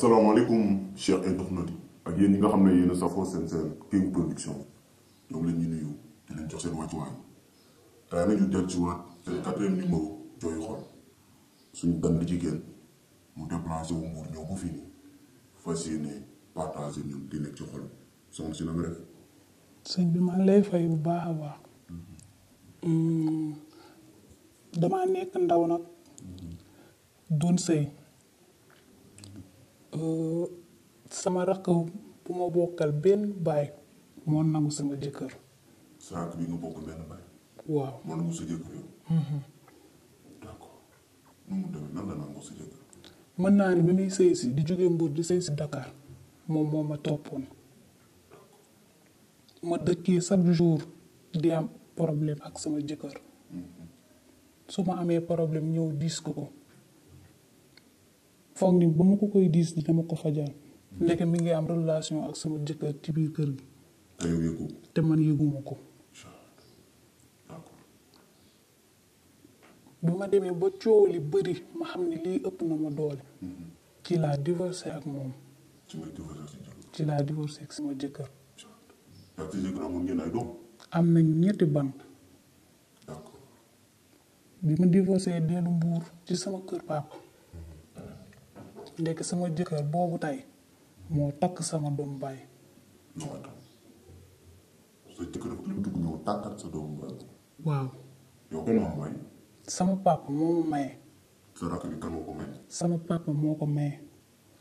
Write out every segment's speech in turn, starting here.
salaamaaleykum chers internautes ak yéen ñi nga xam ne yéen a safoo seen seen King Production ñoom lañ ñu nuyu di jox seen wàccuwaay tey nag ñu del ci waat seen quatrième numéro jooyu xol suñu gan di jigéen mu déplacé wu Mbour bu fii nii fas yéene partagé ñun di nekk ci xol soxna si na nga def sëñ bi maa lay fay bu baax a baax mm-hmm. mm, damaa nekk ndaw nag mm-hmm. doon sëy Euh, sama rakk bu ma bokkal benn baay moo nangu sama jëkkër. waaw moo mm-hmm. mën naa ne bi muy sëy si di jóge Mbour di sëy si Dakar moom moo ma toppoon ma dëkkee chaque jour di am problème ak sama jëkkër mm-hmm. su ma amee problème ñëw diis ko ko. foog ni ba ma ko koy diis dina ma ko fajal. ndeke mi ngi am relation ak sama jëkkër ci biir kër gi. Ah, te man yëguma ko. bi ma demee ba coow li bëri ma xam ne lii ëpp na ma doole. Mm-hmm. ci laa divorcé ak moom. ci laa divorcé ak sama jëkkër. am na ñetti ban. bi ma divorcé dellu mbuur ci sama kër papa. léegi sama jëkkër boobu tey moo takk sama doomu baay. waaw. sama papa moo ma maye. sama papa moo ko maye.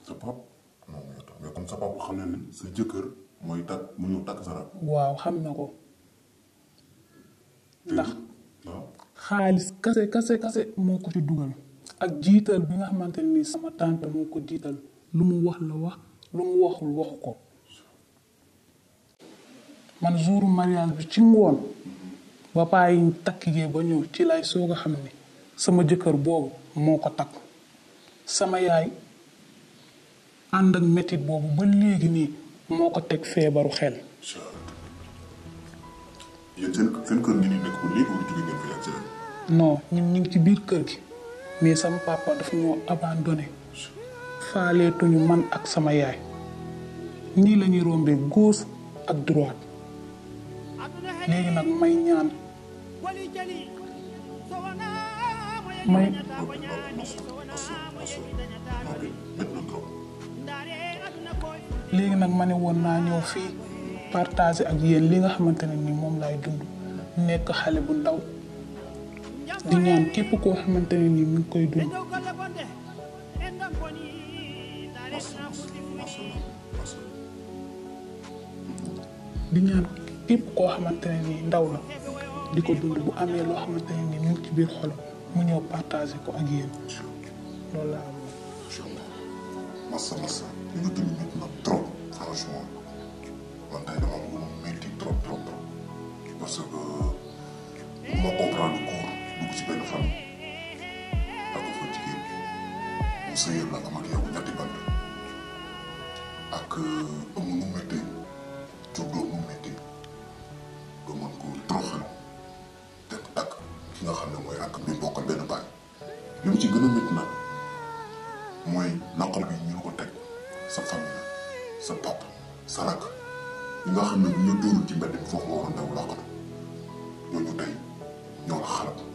sa papa non mais comme sa papa xam na ne sa jëkkër mooy takk mu ñëw takk sa rakk. waaw xam na ko. ndax xaalis kase kase kase moo ko ci dugal. ak jiital bi nga xamante ni sama tante moo ko jiital lu mu wax la wax lu mu waxul waxu ko man jouru mariage bi ci ngoon ba bàyyi takk gee ba ñëw ci lay soog a xam ne sama jëkkër boobu moo ko takk sama yaay ànd ak metit boobu ba léegi nii moo ko teg feebaru xel non ñun ñu ngi ci biir kër gi mais sama papa daf ñoo abandonné faaleetuñu man ak sama yaay nii la ñuy rombe ak droite léegi nag may ñaan may léegi nag ma ne woon naa ñëw fii partager ak yéen li nga xamante ne ni moom lay dund nekk xale bu ndaw di ñaan képp koo xamante ne ni koy dund koo xamante ni ndaw la di ko dund bu amee loo xamante ne ni mu ngi ci mu ñëw partagé ko ak yéen loolu laa am. ci benn fan ak fa jigéen mu sëyal la am ak yow ñetti bant ak amu euh, nu métti jur doomu métti nga mën ko toroxal te ak ki nga xam ne mooy ak bi bokkal benn baay li mu ci gën a métti nag mooy naqar bi ñu ko teg sa famille sa pap sa rakk ñi nga xam ne bu ñu dóorul ci mbedd bi foofu nga waroon daw làqatu ñooñu tey ñoo la xalaat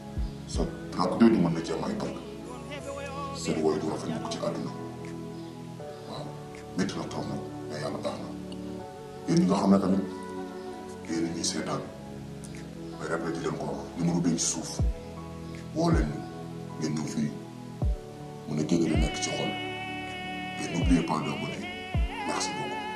sa rakk jooju mën na ci am ay tànk seen wooy du rafet mukk ci àdduna waaw métti na trop nag mais yàlla baax na yéen ñi nga xam ne tamit yéen ñuy seetaan may répété leen ko numéro bi ci suuf woo leen ngeen ñëw fii mu ne jege li nekk ci xol et n'oubliez pas d'abonner merci beaucoup